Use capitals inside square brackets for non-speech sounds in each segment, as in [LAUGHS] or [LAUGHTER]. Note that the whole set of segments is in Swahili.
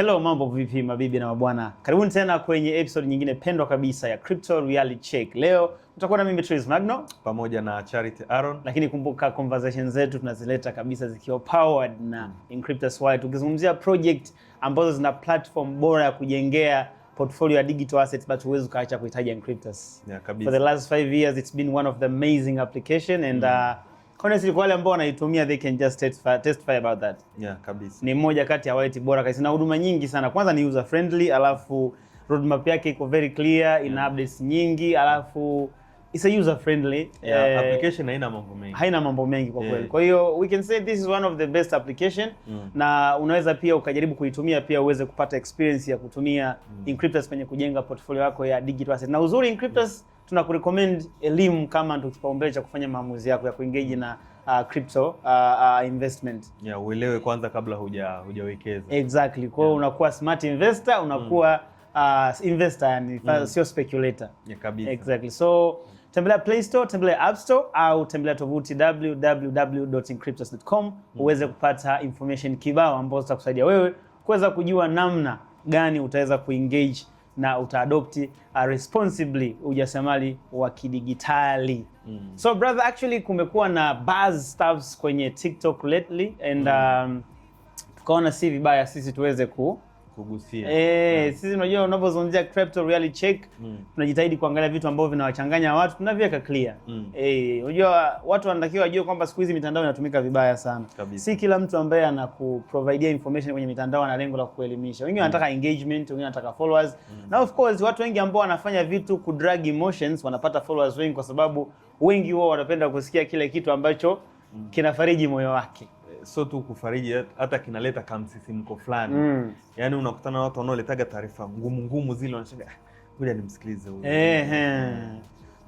Hello, mambo vipi mabibi na mabwana, karibuni tena kwenye episode nyingine pendwa kabisa ya Crypto Reality Check. Leo tutakuwa na mimi Trace Magno pamoja na Charity Aaron, lakini kumbuka conversation zetu tunazileta kabisa zikiwa powered na Inkryptus mm. Wallet, tukizungumzia project ambazo zina platform bora ya kujengea portfolio ya digital assets, but huwezi ukaacha kuhitaji Inkryptus. Yeah, kabisa. For the last five years it's been one of the amazing application and mm. uh, honestly kwa wale ambao wanaitumia they can just testify, testify about that. Yeah, kabisa. Ni moja kati ya wallet bora kabisa na huduma nyingi sana. Kwanza ni user friendly, alafu roadmap yake iko very clear, ina yeah, updates nyingi, alafu it's a user friendly. Yeah, eh, application haina mambo mengi. Haina mambo mengi kwa yeah. kweli. Kwa hiyo we can say this is one of the best application mm, na unaweza pia ukajaribu kuitumia pia uweze kupata experience ya kutumia mm, Encryptors kwenye kujenga portfolio yako ya digital asset. Na uzuri Encryptors yeah tunakurecommend elimu kama ndio kipaumbele cha kufanya maamuzi yako ya kuengage na uh, crypto uh, uh, investment. Yeah, uelewe kwanza kabla huja hujawekeza. Exactly. Kwa hiyo yeah, unakuwa smart investor, unakuwa mm, uh, investor yani mm, sio speculator. Yeah, kabisa. Exactly. So tembelea Play Store, tembelea App Store au tembelea tovuti www.inkryptos.com mm, uweze kupata information kibao ambazo zitakusaidia wewe kuweza kujua namna gani utaweza kuengage na utaadopti uh, responsibly ujasiriamali wa kidigitali. Mm. So brother, actually kumekuwa na buzz stuffs kwenye TikTok lately and mm. um, tukaona si vibaya sisi tuweze ku kugusia. Eh, yeah. Sisi unajua unapozungumzia crypto reality check mm. tunajitahidi kuangalia vitu ambavyo vinawachanganya watu tunaviweka clear. Mm. Eh, unajua watu wanatakiwa wajue kwamba siku hizi mitandao inatumika vibaya sana. Kabisa. Si kila mtu ambaye anakuprovidea information kwenye mitandao ana lengo la kukuelimisha. Wengine mm. wanataka mm. engagement, wengine wanataka followers. Mm. Na of course watu wengi ambao wanafanya vitu ku drag emotions wanapata followers wengi kwa sababu wengi wao wanapenda kusikia kile kitu ambacho mm. kinafariji moyo wake sio tu kufariji, hata kinaleta kamsisimko fulani mm. Yani unakutana watu wanaoletaga taarifa ngumu ngumu zile, wanashanga kuja nimsikilize huyu ehe,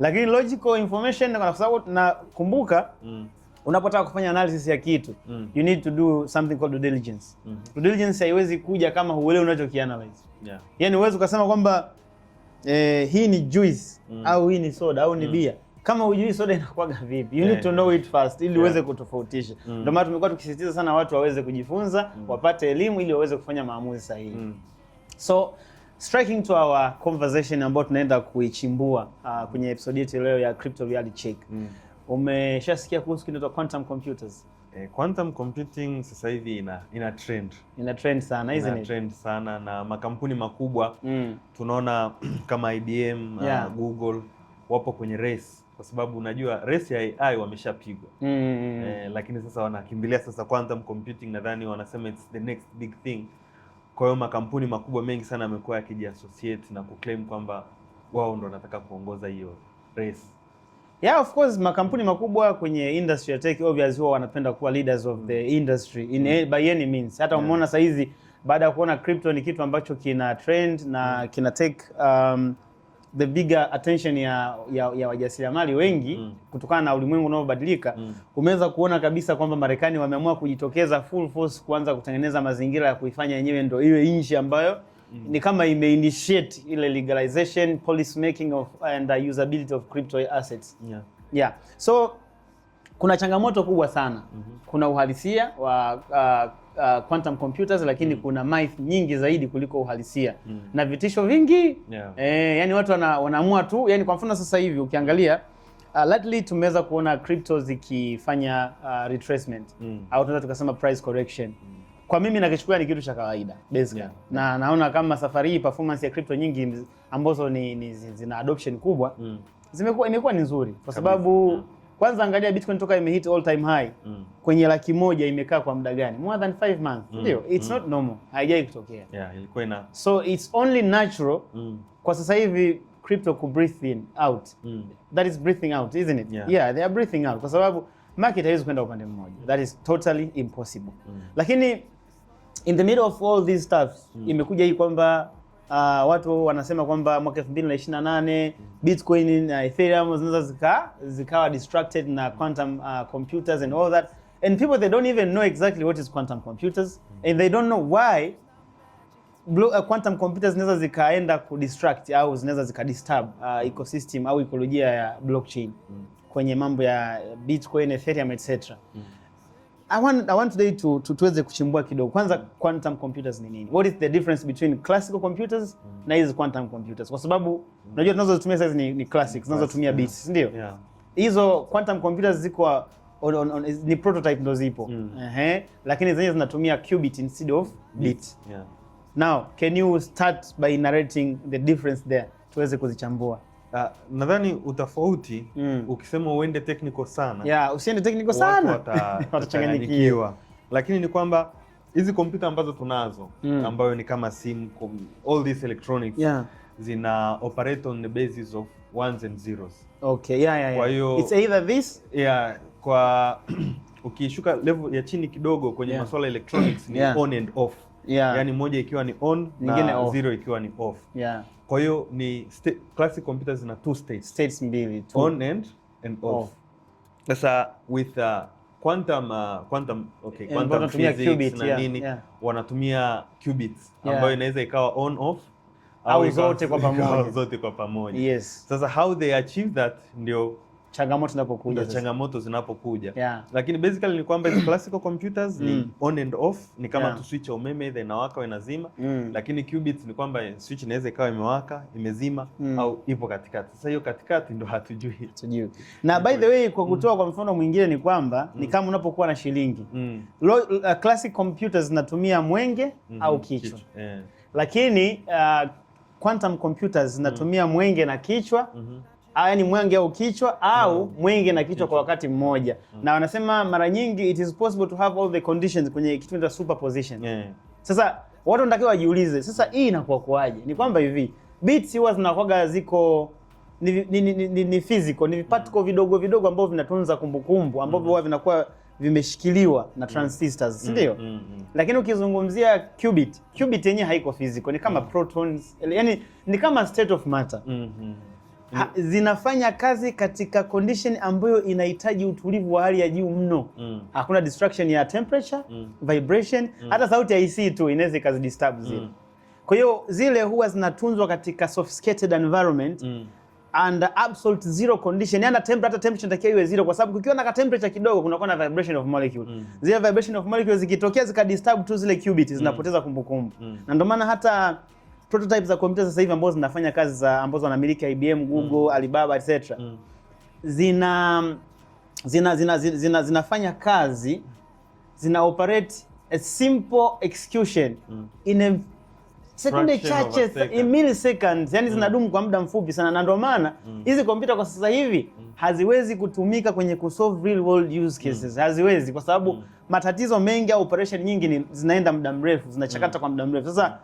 lakini logical information, kwa sababu nakumbuka mm. Unapotaka kufanya analysis ya kitu mm. you need to do something called due diligence mm -hmm. Due diligence haiwezi kuja kama huelewi unachokianalyze yeah. Yaani huwezi ukasema kwamba eh, hii ni juice mm. au hii ni soda au ni mm. bia kama hujui soda inakuwaga vipi, you need eh. to know it first ili uweze yeah. kutofautisha mm. Ndio maana tumekuwa tukisisitiza sana watu waweze kujifunza mm. wapate elimu ili waweze kufanya maamuzi sahihi mm. so striking to our conversation ambayo tunaenda kuichimbua uh, kwenye episode yetu leo ya Crypto Reality Check mm. Umeshasikia kuhusu kinaitwa quantum computers? Eh, quantum computing sasa hivi ina ina trend ina trend sana isn't it? Ina trend sana na makampuni makubwa mm. tunaona [CLEARS THROAT] kama IBM uh, yeah. uh, Google wapo kwenye race kwa sababu unajua race ya AI wameshapigwa mm, mm, mm. Eh, lakini sasa wanakimbilia sasa quantum computing, nadhani wanasema it's the next big thing. Kwa hiyo makampuni makubwa mengi sana yamekuwa yakijiassociate na kuclaim kwamba wao ndo wanataka kuongoza hiyo race. Yeah, of course makampuni makubwa kwenye industry ya tech obviously wao wanapenda kuwa leaders of the mm. industry in mm. by any means. Hata umeona yeah. Saizi baada ya kuona crypto ni kitu ambacho kina trend na mm. kina take um, the bigger attention ya, ya, ya wajasiriamali wengi mm. kutokana na ulimwengu unaobadilika mm. umeweza kuona kabisa kwamba Marekani wameamua kujitokeza full force kuanza kutengeneza mazingira ya kuifanya yenyewe ndo iwe nchi ambayo mm. ni kama imeinitiate ile legalization policy making of and the usability of crypto assets yeah. Yeah. So kuna changamoto kubwa sana mm -hmm. kuna uhalisia wa uh, uh, quantum computers lakini mm. kuna math nyingi zaidi kuliko uhalisia mm. na vitisho vingi yeah. Eh, yani watu wana, wanaamua tu yani kwa mfano sasa hivi ukiangalia uh, lately tumeweza kuona crypto zikifanya uh, retracement mm. au tunaweza tukasema price correction mm. Kwa mimi nakichukulia ni kitu cha kawaida basically yeah. Na naona kama safari hii performance ya crypto nyingi ambazo ni, ni zina adoption kubwa mm. zimekuwa imekuwa ni nzuri kwa sababu Kabisa. Kwanza angalia Bitcoin toka imehit all time high mm. kwenye laki moja imekaa kwa muda gani? More than 5 months. Mm. Ndio, mm. it's mm. not normal. Haijai kutokea. Yeah, ilikuwa ina. So it's only natural mm. kwa sasa hivi crypto ku breathe in out. Mm. That is breathing out, isn't it? Yeah, yeah they are breathing out kwa sababu market haiwezi kwenda upande mmoja. That is totally impossible. Mm. Lakini in the middle of all these stuff mm. imekuja hii kwamba uh, watu wanasema kwamba mwaka 2028 Bitcoin na Ethereum zinaweza zika zikawa distracted na quantum uh, computers and all that and people they don't even know exactly what is quantum computers and they don't know why Blue, uh, ah, quantum computers zinaweza zikaenda kudistract au zinaweza zikadisturb uh, ecosystem au ekolojia ya blockchain kwenye mambo ya Bitcoin, Ethereum etc. Mm. I want, I want today to, to tuweze kuchimbua kidogo kwanza, quantum computers ni nini? What is the difference between classical computers mm. na hizi quantum computers? Kwa sababu unajua tunazotumia sasa ni, ni classic zinazotumia bits, ndio hizo quantum computers ziko on, on, on, ni prototype ndo zipo mm. uh -huh. Lakini zenyewe zinatumia qubit instead of bit yeah. Now can you start by narrating the difference there tuweze kuzichambua? Uh, nadhani utofauti mm. Ukisema uende technical sana yeah, usiende technical sana [LAUGHS] watachanganyikiwa, lakini ni kwamba hizi kompyuta ambazo tunazo mm. ambayo ni kama simu, all these electronics yeah. zina operate on the basis of ones and zeros. Okay, yeah, yeah, yeah. Kwa hiyo it's either this yeah, kwa [CLEARS THROAT] ukishuka level ya chini kidogo kwenye yeah. masuala electronics ni yeah. on and off yeah. Yaani moja ikiwa ni on Ningine na off. zero ikiwa ni off yeah. Kwa hiyo ni classic computers zina two states. States mbili tu. On and, and off. Oh. Sasa with uh, quantum uh, quantum okay, and physics qubit, na yeah, nini yeah. Wanatumia qubits yeah, ambayo inaweza ikawa on off au zote kwa [LAUGHS] pamoja. Zote kwa pamoja. Yes. Sasa how they achieve that ndio changamoto zinapokuja changamoto zinapokuja yeah. Lakini basically ni kwamba hizo classical computers ni mm. on and off, ni kama yeah. tu switch ya umeme either inawaka au inazima mm. Lakini qubits ni kwamba switch inaweza ikawa imewaka imezima mm. au ipo katikati. Sasa hiyo katikati ndo hatujui, hatujui. Na by the way kwa kutoa mm. kwa mfano mwingine ni kwamba mm. ni kama unapokuwa na shilingi mm. Low, uh, classic computers zinatumia mwenge mm -hmm. au kichwa, kichwa. Yeah. Lakini uh, quantum computers zinatumia mm. mwenge na kichwa mm -hmm yaani mwenge au kichwa au mm. mwenge na kichwa kwa wakati mmoja mm. na wanasema mara nyingi it is possible to have all the conditions kwenye kitu cha superposition yeah. Sasa watu wanatakiwa wajiulize, sasa hii inakuwa kwaje? Ni kwamba hivi bits huwa zinakuwaga ziko ni, ni, ni, ni, ni ni physical ni vipatiko mm. vidogo vidogo ambavyo vinatunza kumbukumbu ambavyo mm. huwa mm. vinakuwa vimeshikiliwa na mm. transistors mm. ndio? mm, mm, mm. Lakini ukizungumzia qubit, qubit yenyewe haiko physical, ni kama mm. protons, yani ni kama state of matter mm, -hmm ha, zinafanya kazi katika condition ambayo inahitaji utulivu wa hali ya juu mno mm. Hakuna distraction ya temperature mm. vibration mm. hata sauti ya AC tu inaweza kazi disturb zile mm. Kwa hiyo zile huwa zinatunzwa katika sophisticated environment mm. and absolute zero condition, yani temperature, hata temperature inatakiwa iwe zero, kwa sababu kukiwa na temperature kidogo kunakuwa na vibration of molecule mm. zile vibration of molecule zikitokea zikadisturb tu zile qubits mm. zinapoteza kumbukumbu mm. na ndio maana hata prototype za kompyuta sasa hivi ambazo zinafanya kazi za ambazo wanamiliki IBM, Google, mm. Alibaba etc. Mm. Zina, zina, zina, zina zinafanya kazi zina operate a simple execution mm. in a sekunde chache in milliseconds, yani mm. zinadumu kwa muda mfupi sana, na ndio maana mm. hizi mm. kompyuta kwa sasa hivi mm. haziwezi kutumika kwenye kusolve real world use mm. cases mm. haziwezi kwa sababu mm. matatizo mengi au operation nyingi ni zinaenda muda mrefu, zinachakata mm. kwa muda mrefu sasa mm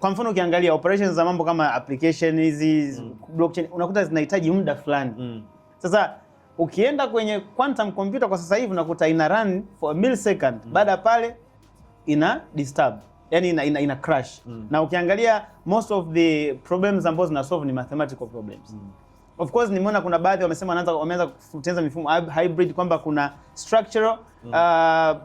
kwa mfano ukiangalia operations za mambo kama application hizi mm. blockchain unakuta zinahitaji muda fulani mm. Sasa ukienda kwenye quantum computer kwa sasa hivi unakuta ina run for a millisecond mm. baada pale ina disturb yani ina, ina, ina crash mm. na ukiangalia most of the problems ambazo zina solve ni mathematical problems mm. Of course nimeona kuna baadhi wamesema wanaanza wameanza kutengeneza mifumo hybrid kwamba kuna structural mm. uh,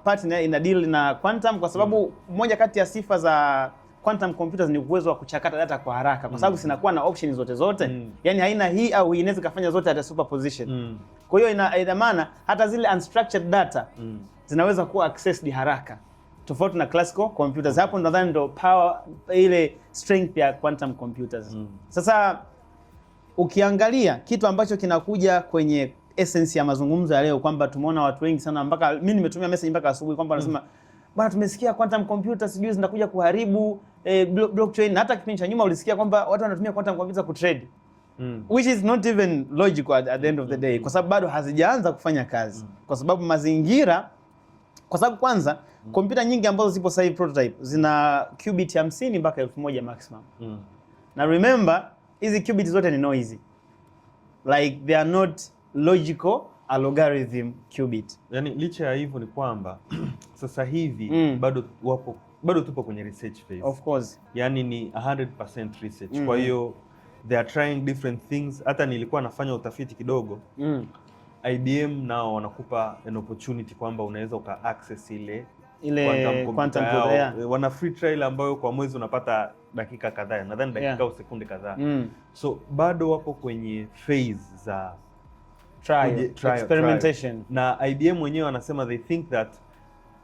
part ina deal na quantum kwa sababu mm. moja kati ya sifa za quantum computers ni uwezo wa kuchakata data kwa haraka kwa sababu mm. sinakuwa na option zote zote mm. yani haina hii au hii, inaweza kufanya zote at a superposition mm. kwa hiyo ina, ina maana hata zile unstructured data mm. zinaweza kuwa accessed haraka tofauti na classical computers. Hapo nadhani ndo power ile strength ya quantum computers mm. Sasa ukiangalia kitu ambacho kinakuja kwenye essence ya mazungumzo ya leo kwamba tumeona watu wengi sana, mpaka mimi nimetumia message mpaka asubuhi kwamba mm. wanasema mm. bwana, tumesikia quantum computers sijui zinakuja kuharibu eh, blockchain. Hata kipindi cha nyuma ulisikia kwamba watu wanatumia quantum computer ku trade mm. which is not even logical at, at the end of the mm. day, kwa sababu bado hazijaanza kufanya kazi, mm. kwa sababu mazingira, kwa sababu kwanza mm. kompyuta nyingi ambazo zipo sasa hivi prototype zina qubit 50 mpaka 1000 maximum mm. na remember hizi qubit zote ni noisy like they are not logical algorithm qubit. Yani licha ya hivyo ni kwamba [CLEARS THROAT] sasa hivi mm. bado wapo bado tupo kwenye research phase. Of course. Yani ni 100% research. Mm -hmm. Kwa mm-hmm. hiyo they are trying different things. Hata nilikuwa nafanya utafiti kidogo. Mm. IBM nao wanakupa an opportunity kwamba unaweza uka access ile ile quantum computer. yao. Wana free trial ambayo kwa mwezi unapata dakika kadhaa, nadhani dakika au yeah, sekunde kadhaa. Mm. So bado wako kwenye phase za trial, trial experimentation trial. Na IBM wenyewe wanasema they think that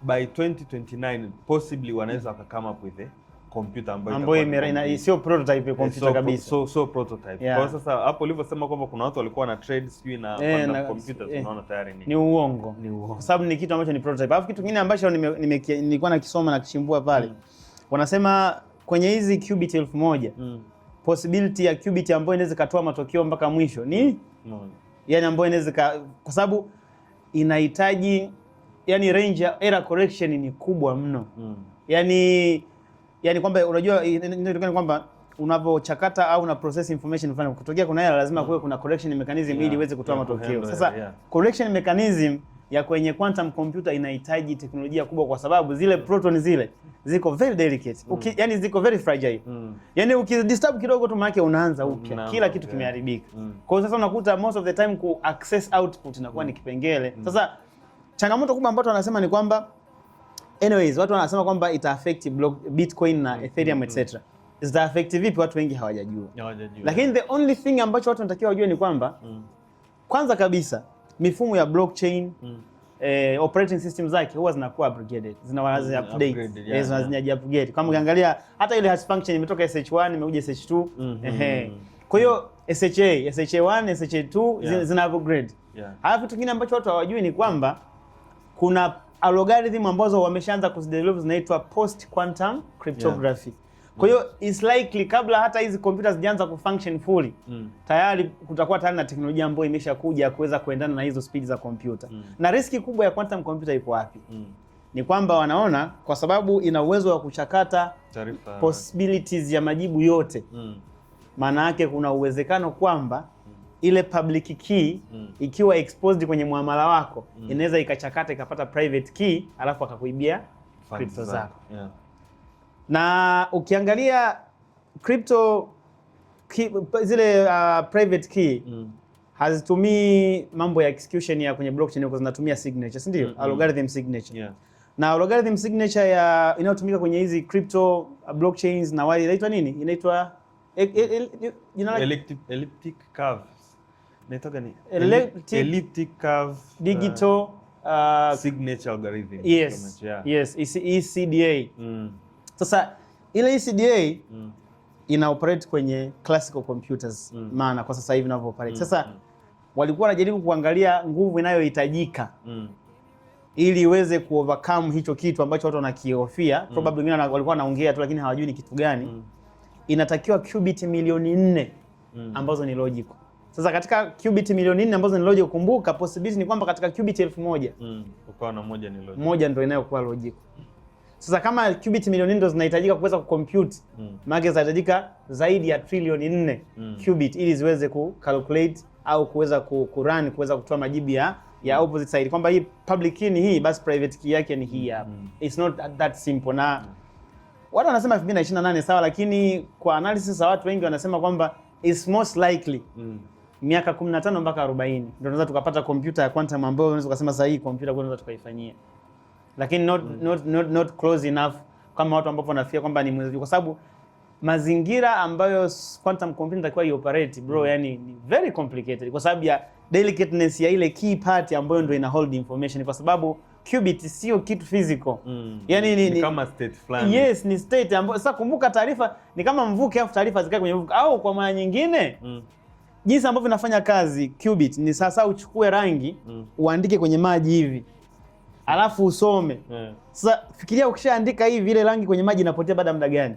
by 2029 possibly wanaweza waka come up with a computer ambayo ambayo sio prototype eh, computer so, kabisa, so so prototype. Yeah. Kwa sasa hapo ulivyosema kwamba kuna watu walikuwa na trade sijui na eh, na computer tunaona eh, tayari ni ni uongo, ni uongo kwa sababu ni kitu ambacho ni prototype. Alafu kitu kingine ambacho nilikuwa nakisoma na kuchimbua pale mm. wanasema kwenye hizi qubit 1000 mm. possibility ya qubit ambayo inaweza katoa matokeo mpaka mwisho ni mm. yani ambayo inaweza kwa sababu inahitaji yani range ya error correction ni kubwa mno mm. Yani yani kwamba unajua inatokana kwamba unavyochakata au una process information fulani, kutokea kuna error lazima mm. kuwe kuna correction mechanism yeah. ili iweze kutoa yeah, matokeo sasa yeah. correction mechanism ya kwenye quantum computer inahitaji teknolojia kubwa, kwa sababu zile proton zile ziko very delicate mm. Uki, yani ziko very fragile mm. Yani ukidisturb kidogo tu, maana unaanza upya no, kila kitu yeah. kimeharibika mm. Kwa hiyo sasa unakuta most of the time ku access output inakuwa mm. ni kipengele Mm. sasa Changamoto kubwa ambayo wanasema ni kwamba anyways, watu wanasema kwamba ita affect block, Bitcoin na mm-hmm. Ethereum mm -hmm. etc. Zita affect vipi? Watu wengi hawajajua, lakini the only thing ambacho watu wanatakiwa wajue ni kwamba mm. kwanza kabisa mifumo ya blockchain mm. Eh, operating system zake huwa zinakuwa upgraded, zina mm, zinawaanza update, eh, zina zinaji upgrade. Kama ukiangalia hata ile hash function imetoka SH1 imekuja SH2, mm mm-hmm. ehe. Kwa hiyo SHA, SHA1, SHA2 yeah. zina upgrade. Halafu kitu kingine ambacho watu hawajui ni kwamba mm kuna algorithm ambazo wameshaanza kuzidevelop zinaitwa post quantum cryptography yeah. Kwa hiyo it's likely kabla hata hizi kompyuta zijaanza kufunction fully mm. tayari kutakuwa tayari na teknolojia ambayo imeshakuja ya kuweza kuendana na hizo speed za kompyuta mm. na riski kubwa ya quantum computer ipo wapi? mm. ni kwamba wanaona kwa sababu ina uwezo wa kuchakata Tarifa. possibilities ya majibu yote mm. maana yake kuna uwezekano kwamba ile public key mm. ikiwa exposed kwenye muamala wako mm. inaweza ikachakata ikapata private key alafu akakuibia crypto zako yeah. Na ukiangalia crypto key, zile uh, private key mm. hazitumii mambo ya execution ya kwenye blockchain kwa zinatumia signature, si ndio? mm -hmm. Algorithm signature yeah. Na algorithm signature ya inayotumika kwenye hizi crypto uh, blockchains na wale inaitwa nini? Inaitwa e, e, e, jina e, elliptic curve naitoka ni elliptic, elliptic curve digital uh, uh, signature algorithm. Yes, yeah. Yes, ECDA. E mm. Sasa ile ECDA mm. ina operate kwenye classical computers mm. maana kwa sasa hivi inavyo operate. mm. Sasa mm. walikuwa wanajaribu kuangalia nguvu inayohitajika mm. ili iweze ku overcome hicho kitu ambacho watu wanakihofia mm. probably wengine walikuwa wanaongea tu lakini hawajui ni kitu gani mm. inatakiwa qubit milioni nne mm. ambazo ni logical sasa katika qubit milioni nne ambazo ni logic, kukumbuka possibility ni kwamba katika qubit elfu moja mm, ukawa na moja ni logic, moja ndio inayokuwa logic. Sasa kama qubit milioni ndio zinahitajika kuweza kucompute mm, maana zinahitajika zaidi ya trilioni nne mm, qubit ili ziweze kucalculate au kuweza kurun kuweza kutoa majibu ya ya mm. opposite side kwamba hii public key ni hii basi private key yake ni hii hapa. Mm. It's not that simple na mm. Watu wanasema 2028 sawa, lakini kwa analysis za watu wengi wanasema kwamba it's most likely mm miaka 15 mpaka 40 ndio tunaweza tukapata kompyuta ya quantum ambayo unaweza kusema sasa hii kompyuta kwa tunaweza tukaifanyia, lakini not, mm. not, not, not close enough kama watu ambao wanafikia kwamba ni mwezi, kwa sababu mazingira ambayo quantum computing itakiwa ioperate bro, mm. yani ni very complicated kwa sababu ya delicateness ya ile key part ambayo ndio ina hold information, kwa sababu qubit sio kitu physical mm. yani ni, ni kama state flani. Yes, ni state ambayo sasa, kumbuka taarifa ni kama mvuke, afu taarifa zikae kwenye mvuke, au kwa maana nyingine mm jinsi ambavyo inafanya kazi qubit ni sasa, uchukue rangi mm. uandike kwenye maji hivi alafu usome yeah. Sasa fikiria ukishaandika hivi ile rangi kwenye maji inapotea baada ya muda gani?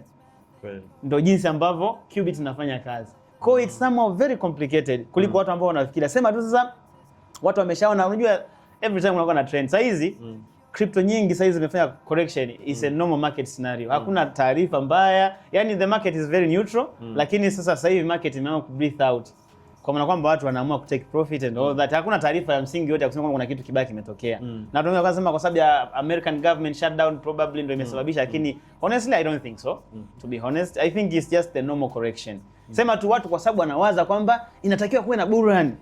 Well. Ndio jinsi ambavyo qubit inafanya kazi kwa mm. it's somehow very complicated kuliko mm. watu ambao wanafikiria. Sema tu sasa watu wameshaona, unajua every time unakuwa na trend. Sasa hizi mm. crypto nyingi sasa zimefanya correction is mm. a normal market scenario. Mm. Hakuna taarifa mbaya, yani the market is very neutral mm. lakini sasa sasa hivi market imeanza ku breathe out kwa maana kwamba watu wanaamua ku take profit and all mm. that. Hakuna taarifa ya msingi yote ya kusema kwamba kuna kitu kibaya kimetokea, mm. na tunaweza kusema kwa sababu ya American government shutdown probably ndio imesababisha, mm. lakini honestly I don't think so. To be honest, I think it's just the normal correction. Sema tu watu kwa sababu wanawaza kwamba inatakiwa kuwe na burani,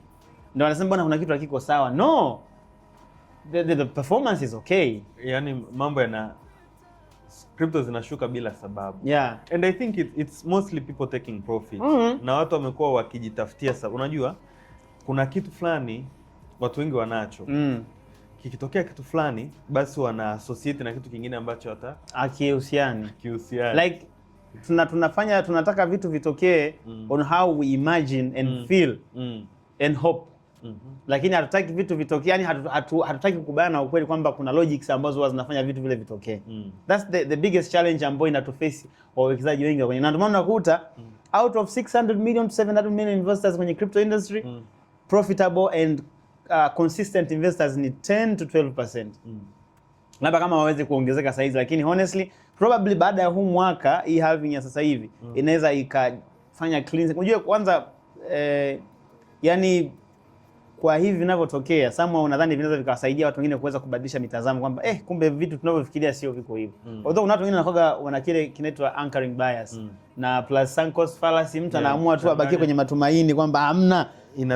ndio wanasema bwana, kuna kitu hakiko sawa. No, the, the, the performance is okay, yani mambo yana crypto zinashuka bila sababu. Yeah. And I think it, it's mostly people taking profit. Mm -hmm. Na watu wamekuwa wakijitafutia sababu. Unajua kuna kitu fulani watu wengi wanacho. Mm. Kikitokea kitu fulani basi wana associate na kitu kingine ambacho hata akihusiani. Kihusiani. Like tuna, tunafanya tunataka vitu vitokee mm. on how we imagine and mm. feel mm. and hope. -hmm. Lakini hatutaki vitu vitokee, yani hatu, hatu, hatutaki kukubana na ukweli kwamba kuna logics ambazo huwa zinafanya vitu vile vitokee mm. That's the, the biggest challenge ambayo inatuface wawekezaji wengi kwenye, na ndio maana unakuta mm. out of 600 million to 700 million investors kwenye crypto industry mm. profitable and uh, consistent investors ni 10 to 12% mm. Labda kama waweze kuongezeka saizi, lakini honestly probably baada ya huu mwaka hii halving ya sasa hivi mm. inaweza ikafanya cleansing. Unajua kwanza eh, yani kwa hivi vinavyotokea somehow nadhani vinaweza vikawasaidia watu wengine kuweza kubadilisha mitazamo kwamba eh, kumbe vitu tunavyofikiria sio viko hivyo. Mm. Although kuna watu wengine wanakoga wana kile kinaitwa anchoring bias mm. na plus sunk cost fallacy, mtu anaamua yeah, tu abakie kwenye matumaini kwamba hamna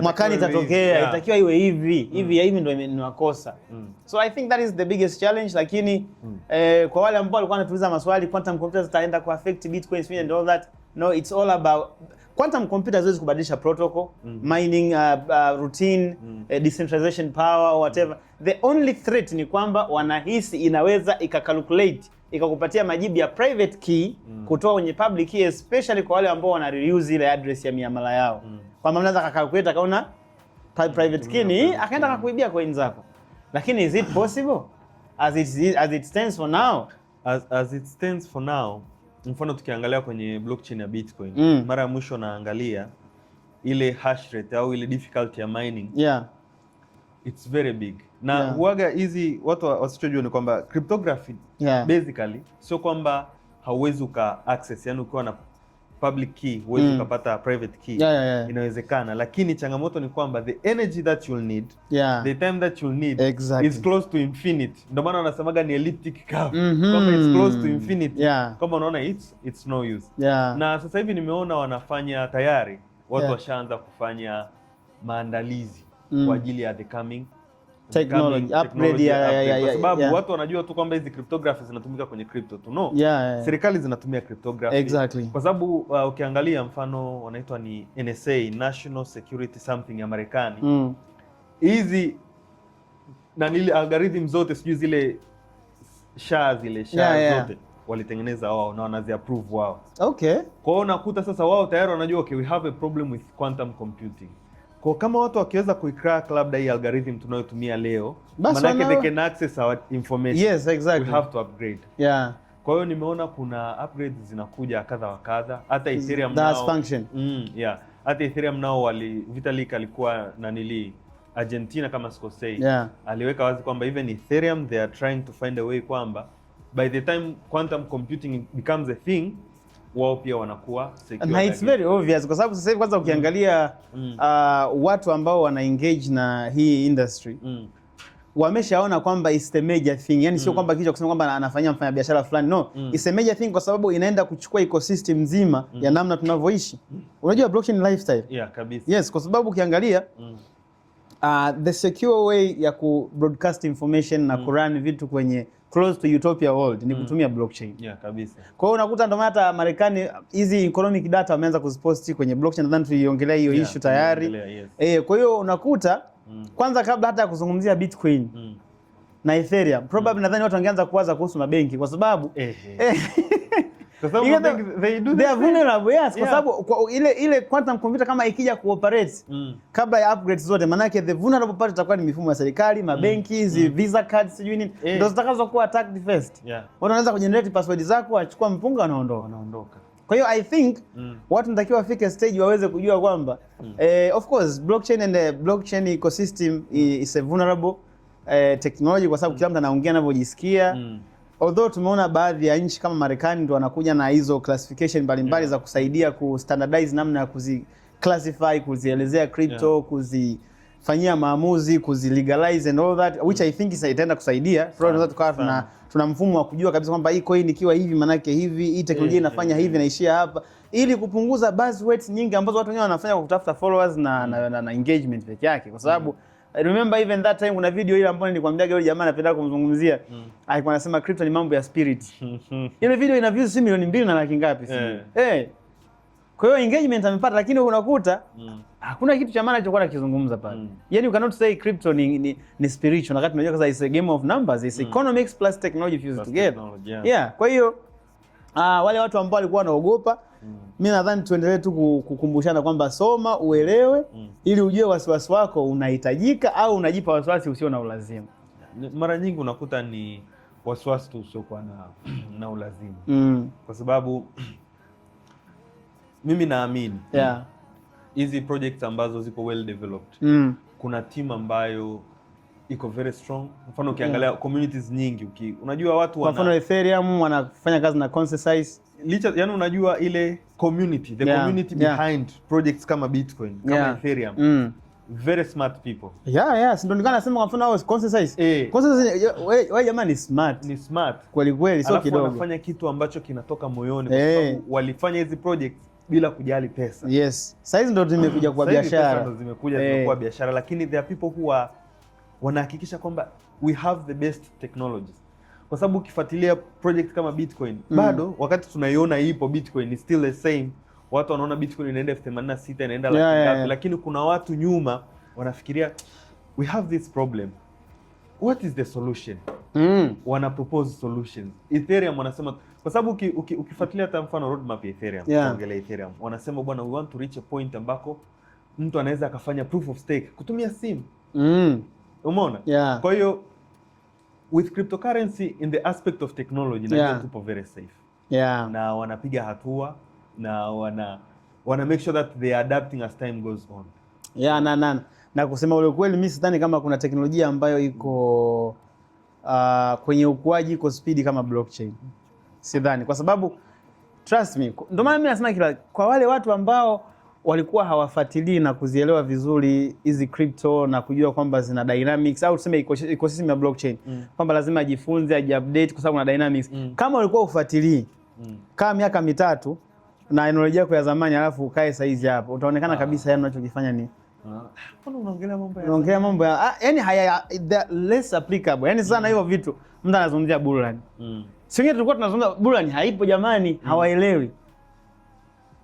mwakani itatokea yeah. Itakiwa iwe hivi mm. hivi ya hivi ndio ni mm. so I think that is the biggest challenge, lakini mm. eh, kwa wale ambao walikuwa wanatuuliza maswali, quantum computers zitaenda ku affect bitcoins and all that no, it's all about quantum computer haziwezi kubadilisha protocol mm. mining uh, uh, routine mm. uh, decentralization power whatever mm. the only threat ni kwamba wanahisi inaweza ikacalculate ikakupatia majibu ya private key mm. kutoka kwenye public key especially kwa wale ambao wana reuse ile address ya miamala yao mm. kwa kwamba mnaweza kakalkulate akaona mm. private key ni mm. akaenda kakuibia coins zako, lakini is it possible as it, as it stands for now as, as it stands for now mfano tukiangalia kwenye blockchain ya Bitcoin mm. mara ya mwisho naangalia ile hash rate au ile difficulty ya mining yeah. It's very big na yeah. Huaga hizi watu wasichojua ni kwamba cryptography yeah. Basically sio kwamba hauwezi uka access yani ukiwa na public key huwezi mm. ukapata private key yeah, yeah, yeah. Inawezekana, lakini changamoto ni kwamba the energy that you'll need yeah. the time that you'll need exactly. is close to infinity. Ndio maana wanasemaga ni elliptic curve mm -hmm. kama it's close to infinity yeah. kama unaona it's, it's no use yeah. na sasa hivi nimeona wanafanya tayari watu yeah. washaanza kufanya maandalizi mm. kwa ajili ya the coming technology upgrade ya, ya, ya, kwa sababu yeah. Watu wanajua tu kwamba hizi cryptography zinatumika kwenye crypto tu no yeah, yeah. Serikali zinatumia cryptography exactly. Kwa sababu uh, ukiangalia mfano wanaitwa ni NSA National Security something ya Marekani mm. hizi mm. Na nili algorithm zote sijui zile sha zile sha yeah, yeah. zote walitengeneza wao na wanazi approve wao. Okay. Kwa hiyo unakuta sasa wao tayari wanajua okay, we have a problem with quantum computing kwa kama watu wakiweza kuicrack labda hii algorithm tunayotumia leo, maana yake they can access our information. Yes, exactly. We have to upgrade. Yeah. Kwa hiyo nimeona kuna upgrades zinakuja kadha wa kadha, hata Ethereum nao. That's function. Mm, yeah. Hata Ethereum nao wali Vitalik alikuwa nanili Argentina kama sikosei. Yeah. Aliweka wazi kwamba even Ethereum they are trying to find a way kwamba by the time quantum computing becomes a thing wao pia wanakuwa secure na it's very obvious kwa sababu sasa hivi kwanza ukiangalia mm. uh, watu ambao wana engage na hii industry mm. wameshaona kwamba it's the major thing yani mm. sio kwamba kija kusema kwamba anafanyia mfanya biashara fulani no mm. it's the major thing kwa sababu inaenda kuchukua ecosystem nzima mm. ya namna tunavyoishi mm. unajua blockchain lifestyle yeah kabisa yes kwa sababu ukiangalia mm. uh, the secure way ya ku broadcast information na mm. kurun vitu kwenye close to utopia world ni mm. kutumia blockchain. Yeah, kabisa. Kwa hiyo unakuta ndio hata Marekani hizi economic data wameanza kuziposti kwenye blockchain, nadhani tuliongelea hiyo yeah, issue tayari. Yes. Eh, kwa hiyo unakuta mm. kwanza kabla hata ya kuzungumzia Bitcoin mm. na Ethereum, probably mm. nadhani watu wangeanza kuwaza kuhusu mabenki kwa sababu eh, eh. [LAUGHS] Kwa sababu ile quantum computer kama ikija kuoperate mm. kabla ya upgrades zote, maana the vulnerable part itakuwa ni mifumo ya serikali, mabenki, hizi mm. mm. visa cards, sijui nini eh. Ndio zitakazokuwa attacked first yeah. Watu wanaweza kugenerate password zako, achukua mpunga, wanaondoka wanaondoka. Kwa hiyo I think mm. watu natakiwa wafike stage waweze kujua kwamba mm. eh, of course blockchain and the blockchain ecosystem is a vulnerable eh, technology kwa sababu mm. kila mtu anaongea anavyojisikia mm although tumeona baadhi ya nchi kama Marekani ndio wanakuja na hizo classification mbalimbali yeah. za kusaidia ku standardize namna ya kuzi classify kuzielezea crypto yeah. kuzifanyia maamuzi kuzilegalize and all that which I think itaenda kusaidia tukawa tuna, tuna mfumo wa kujua kabisa kwamba hii coin ikiwa hivi maanake hivi hii teknolojia yeah, inafanya yeah, hivi yeah. naishia hapa ili kupunguza buzzwords nyingi ambazo watu wenyewe wanafanya kwa kutafuta followers na, mm. na, na, na engagement peke yake kwa sababu mm remember even that time kuna video ile ambayo nilikwambia yule jamaa anapenda kumzungumzia. Mm. Alikuwa anasema crypto ni mambo ya spirit. [LAUGHS] Ile video ina views si milioni mbili na laki ngapi si? Eh. Hey. Eh. Kwa hiyo engagement amepata lakini unakuta mm. hakuna kitu cha maana alichokuwa anakizungumza pale. Mm. Yaani you cannot say crypto ni ni, ni spiritual wakati unajua kwamba it's a game of numbers, it's mm. economics plus technology fused together. Technology, yeah. Yeah, kwa hiyo uh, wale watu ambao walikuwa wanaogopa mm. Mi nadhani tuendelee tu kukumbushana kwamba soma uelewe, mm. ili ujue wasiwasi wako unahitajika au unajipa wasiwasi usio na ulazima. Mara nyingi unakuta ni wasiwasi tu usiokuwa na, [CLEARS THROAT] na ulazima mm. kwa sababu [CLEARS THROAT] mimi naamini hizi yeah. projects ambazo ziko well developed mm. kuna timu ambayo iko very strong. Mfano ukiangalia yeah. communities nyingi uki, unajua watu wana mfano Ethereum wanafanya kazi na consensus licha, yani unajua ile community the yeah. community behind yeah. projects kama Bitcoin kama yeah. Ethereum mm. very smart people yeah yeah, si ndio nikawa nasema kwa mfano hao consensus eh. consensus wewe jamani ni smart ni smart kweli kweli, sio kidogo, wanafanya kitu ambacho kinatoka moyoni kwa eh. sababu walifanya hizi projects bila kujali pesa. Yes, saizi ndo zimekuja kwa biashara, ndo zimekuja eh. zimekuwa biashara, lakini there are people who are wanahakikisha kwamba we have the best technologies, kwa sababu ukifuatilia project kama Bitcoin mm. bado wakati tunaiona ipo Bitcoin is still the same, watu wanaona Bitcoin inaenda elfu themanini na sita inaenda yeah, laki ngapi yeah. lakini kuna watu nyuma wanafikiria we have this problem what is the solution mm. wana propose solution. Ethereum wanasema kwa sababu uki, uki, ukifuatilia hata mfano roadmap ya Ethereum yeah. ongelea Ethereum wanasema bwana, we want to reach a point ambako mtu anaweza akafanya proof of stake kutumia simu mm. Umeona? Yeah. Kwa hiyo with cryptocurrency in the aspect of technology na yeah. tupo very safe. Yeah. Na wanapiga hatua na wana wana make sure that they are adapting as time goes on. Yeah, na na na kusema ule kweli mimi sidhani kama kuna teknolojia ambayo iko uh, kwenye ukuaji iko spidi kama blockchain. Sidhani kwa sababu trust me, ndio maana mimi nasema kila kwa wale watu ambao walikuwa hawafuatilii na kuzielewa vizuri hizi crypto na kujua kwamba zina dynamics au tuseme ecosystem ya blockchain mm. kwamba lazima ajifunze ajiupdate kwa sababu na dynamics mm. kama walikuwa ufuatilii mm. kama miaka mitatu na teknolojia yako ya zamani alafu ukae saizi hapo utaonekana ah. kabisa yani unachokifanya ni ah. unaongelea mambo ya yani ah, yaani haya the less applicable yani sana hiyo mm. vitu mtu anazungumzia burudani mm. sio tulikuwa tunazungumza burudani haipo jamani mm. hawaelewi mm.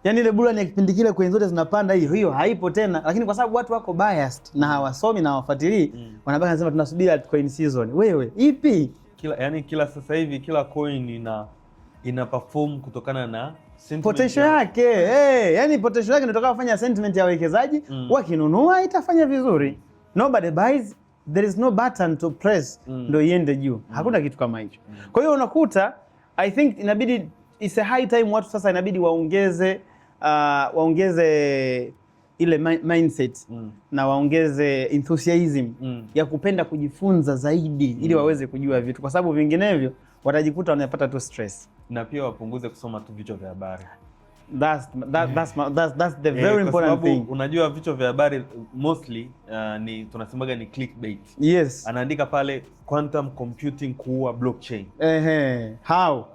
Yaani ile bula ni kipindi kile kwenye zote zinapanda hiyo hiyo haipo tena, lakini kwa sababu watu wako biased na hawasomi na hawafuatilii mm. Wanabaki nasema tunasubiri altcoin season. Wewe ipi? Kila yani kila sasa hivi kila coin ina ina perform kutokana na potential yake. Eh, Hey, yani potential yake inatoka kufanya sentiment ya wawekezaji mm. Wakinunua itafanya vizuri. Nobody buys, there is no button to press mm. Ndio iende juu mm. Hakuna kitu kama hicho mm. Kwa hiyo unakuta I think inabidi it's a high time watu sasa inabidi waongeze uh, waongeze ile mindset mm. na waongeze enthusiasm mm. ya kupenda kujifunza zaidi mm. ili waweze kujua vitu, kwa sababu vinginevyo watajikuta wanapata tu stress, na pia wapunguze kusoma tu vichwa vya habari. That's, that, that's, that's, that's the eh, very yeah, important thing. Unajua vichwa vya habari uh, mostly uh, ni tunasemaga ni clickbait. Yes. Anaandika pale quantum computing kuua blockchain. Ehe. How?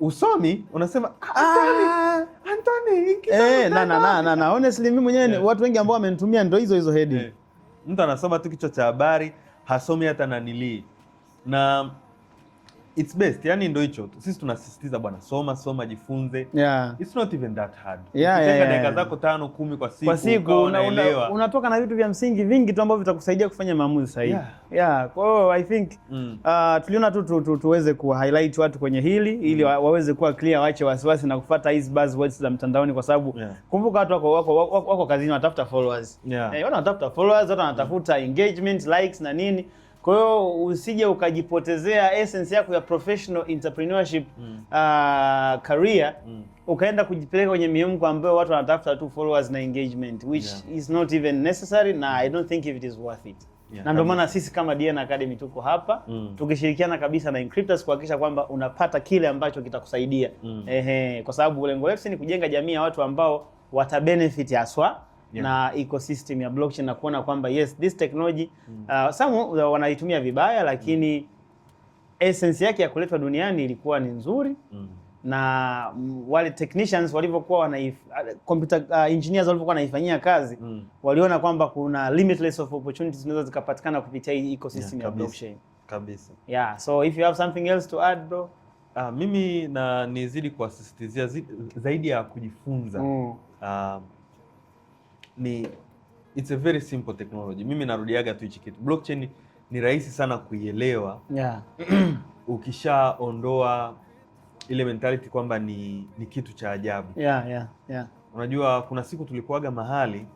usomi unasema ah, ah. Eh, na honestly, mimi mwenyewe eh. watu wengi ambao wamenitumia ndo hizo hizo heading. Eh. Mtu anasoma tu kichwa cha habari, hasomi hata nanilii na it's best, yani ndo hicho tu. Sisi tunasisitiza bwana, soma soma, jifunze. Yeah. It's not even that hard. Yeah, yeah, yeah. dakika zako tano kumi kwa siku, kwa siku unaelewa, unatoka na vitu vya msingi vingi tu ambavyo vitakusaidia kufanya maamuzi sahihi. Yeah. Yeah. Kwa hiyo I think mm. uh, tuliona tu, tu, tu tuweze ku highlight watu kwenye hili mm. ili waweze kuwa clear, waache wasiwasi na kufuata hizi buzzwords za mtandaoni, kwa sababu yeah. kumbuka watu wako, wako, wako, wako, wako kazini wanatafuta followers. Yeah. Eh, wanatafuta followers, watu wanatafuta mm. engagement, likes na nini kwa hiyo usije ukajipotezea essence yako ya professional entrepreneurship mm. uh, career mm. ukaenda kujipeleka kwenye miumko ambayo watu wanatafuta tu followers na engagement which yeah. is not even necessary na I don't think if it is worth it. Yeah, na ndio maana sisi kama DN Academy tuko hapa mm. tukishirikiana kabisa na Inkryptus kuhakikisha kwamba unapata kile ambacho kitakusaidia mm. ehe, kwa sababu lengo letu ni kujenga jamii ya watu ambao watabenefit haswa na ecosystem ya blockchain na kuona kwamba yes this technology mm. uh, some wanaitumia vibaya lakini mm. essence yake ya kuletwa duniani ilikuwa ni nzuri mm. na mm, wale technicians walivyokuwa wana uh, computer uh, engineers walivyokuwa wanaifanyia kazi mm. waliona kwamba kuna limitless of opportunities zinaweza zikapatikana kupitia hii ecosystem yeah, ya blockchain kabisa. Yeah, so if you have something else to add bro. Uh, mimi na nizidi kuwasisitizia zaidi ya kujifunza mm. uh, ni it's a very simple technology. Mimi narudiaga tu hichi kitu, blockchain ni rahisi sana kuielewa yeah. [CLEARS THROAT] ukishaondoa ile mentality kwamba ni, ni kitu cha ajabu yeah, yeah, yeah. Unajua kuna siku tulikuwaga mahali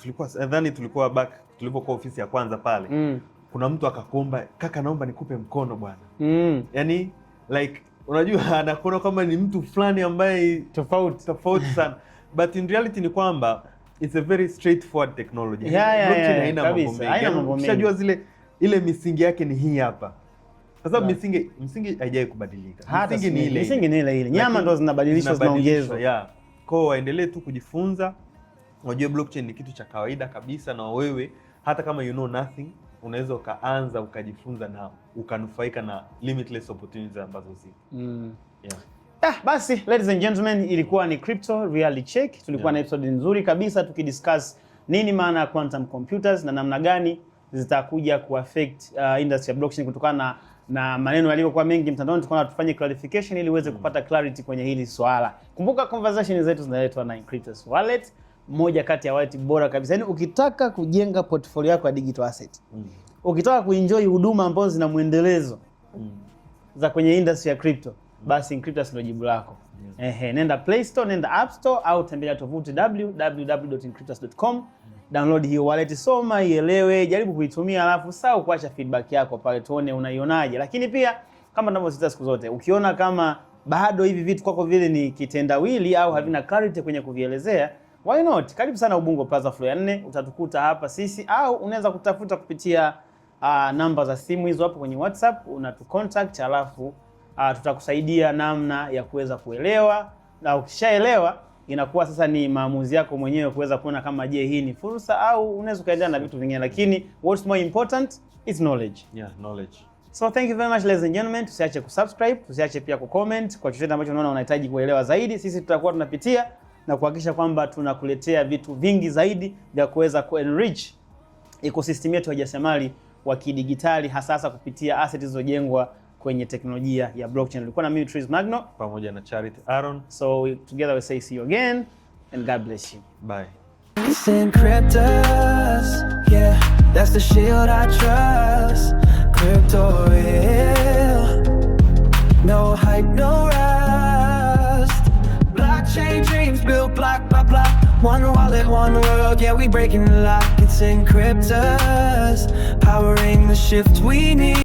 tulikuwa nadhani tulikuwa back tulipokuwa ofisi ya kwanza pale mm. Kuna mtu akakuomba kaka, naomba nikupe mkono bwana mm. Yani like unajua [LAUGHS] anakuona kama ni mtu fulani ambaye tofauti tofauti sana but in reality ni kwamba it's a very straightforward technology. Yeah, yeah, haina Haina mambo mengi. Yaani Unajua zile ile misingi yake ni hii hapa. Kwa sababu misingi msingi haijai kubadilika. Misingi ni ile. Misingi ni ile ile. Nyama ndo zinabadilishwa zinaongezwa. Yeah. Kwa hiyo waendelee tu kujifunza. Unajua blockchain ni kitu cha kawaida kabisa na wewe hata kama you know nothing unaweza ukaanza ukajifunza na ukanufaika na limitless opportunities ambazo zipo. Mm. Yeah. Ah, basi ladies and gentlemen, ilikuwa ni Crypto Reality Check. Tulikuwa yeah, na episode nzuri kabisa tukidiscuss nini maana ya quantum computers na namna gani zitakuja kuaffect uh, industry ya blockchain kutokana na na maneno yaliyokuwa mengi mtandaoni, tukaona tufanye clarification ili uweze mm. kupata clarity kwenye hili swala. Kumbuka conversation zetu zinaletwa na Inkrytus Wallet, moja kati ya wallet bora kabisa. Yaani ukitaka kujenga portfolio yako ya digital asset. Mm. Ukitaka kuenjoy huduma ambazo zina mwendelezo mm, za kwenye industry ya crypto basi Inkryptus ndio jibu lako. Ehe, nenda Play Store, nenda App Store au tembelea tovuti www.inkryptus.com. Download hiyo wallet, soma, ielewe, jaribu kuitumia, alafu sawa kuacha feedback yako pale, tuone unaionaje. Lakini pia kama tunavyosisitiza siku zote, ukiona kama bado hivi vitu kwako vile ni kitendawili au havina clarity kwenye kuvielezea, why not? Karibu sana Ubungo Plaza floor ya 4, utatukuta hapa sisi au unaweza kutafuta kupitia uh, namba za simu hizo hapo kwenye WhatsApp, unatucontact alafu uh, tutakusaidia namna ya kuweza kuelewa, na ukishaelewa inakuwa sasa ni maamuzi yako mwenyewe kuweza kuona kama je, hii ni fursa au unaweza ukaendelea na vitu vingine, lakini what's more important is knowledge. Yeah, knowledge. So thank you very much ladies and gentlemen, tusiache kusubscribe, tusiache pia kucomment kwa chochote ambacho unaona unahitaji kuelewa zaidi. Sisi tutakuwa tunapitia na kuhakikisha kwamba tunakuletea vitu vingi zaidi vya kuweza kuenrich ecosystem yetu ya ujasiriamali wa kidigitali hasa kupitia assets zilizojengwa kwenye teknolojia ya blockchain. Ulikuwa na mimi Tris Magno pamoja na Charity Aaron. So we, together we say see you again and God bless you. Bye. Yeah, that's the shield I trust. Crypto real. No hype, no rust. Blockchain dreams built block by block. One wallet, one world. Yeah, we breaking the lock. It's in powering the shift we need.